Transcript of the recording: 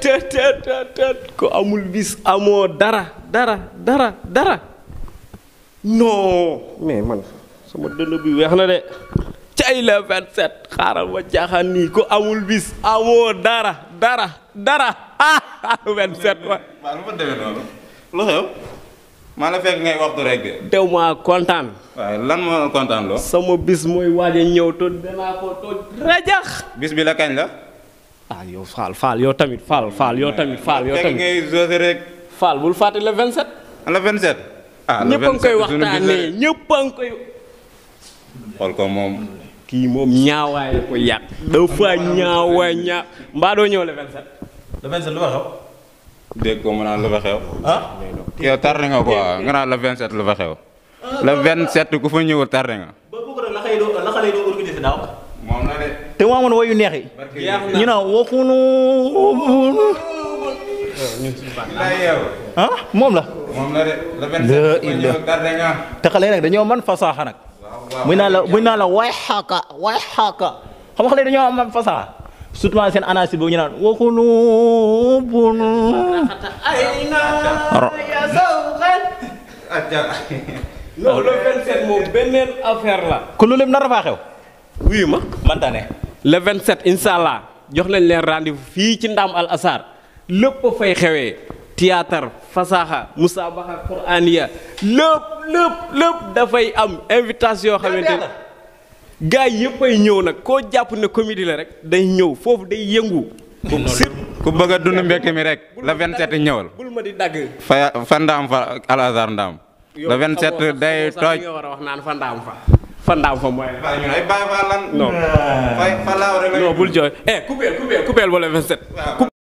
te te ku amul bis amoo dara dara dara dara non mais man sama dënn bi weex na de cay la 27 xaaral ma jaaxaan nii ku amul bis amoo dara dara dara ah 27 wa. waaw lu ma demee noonu lu xew maa la fekk ngay waxtu rek de. teew kontaan. waaw lan moo kontaan loo. sama bis mooy waaj a ñëw to danaa ko to rajax. bis bi la kañ la. ah yow Fall Fall yow tamit Fall Fall yow tamit Fall bul fàtte le 27. le 27. ah le 27 ah, ñëpp a koy waxtaanee ñëpp a ngi koy. xool ko moom. kii moom ñaawaay la ko yàq. dafa ñaawaay ñaa mbaa doo ñëw le 27. le 27 lu fa xew. dégg ko mu naan lu fa xew. ah yow tardé nga quoi nga naan le 27 lu fa xew. Ah, le 27 ku fa ñëwul tardé nga. te waa woon wayu neex yi ñu naan waxunu ah moom la la illa te xale nag dañoo man fasaaxa nag muy naa la muy naa la way xaaka way xaaka xam nga dañoo man fasaaxa surtout seen anasi boobu ñu naan waxunu bun loolu benn affaire la ku lu lim nar a faa xew wuyu ma ne le 27 incha allah jox nañ leen rendez fii ci Ndaam al Asar lépp fay xewee théâtre fasaxa musaabaxa quraaniya lépp lépp lépp dafay am invitation yoo xamante ne gars yëpp ay ñëw nag koo jàpp ne comédie la rek day ñëw foofu day yëngu ku bëgg a dund mbekk mi rek le 27 ñëwal bul ma di dagg fa fa ndaam fa al azar ndaam le 27 day tooj wax naan fa ndaam fa fandaam fa mooy. waaw ñun bul jooy eh coupé coupé coupé wala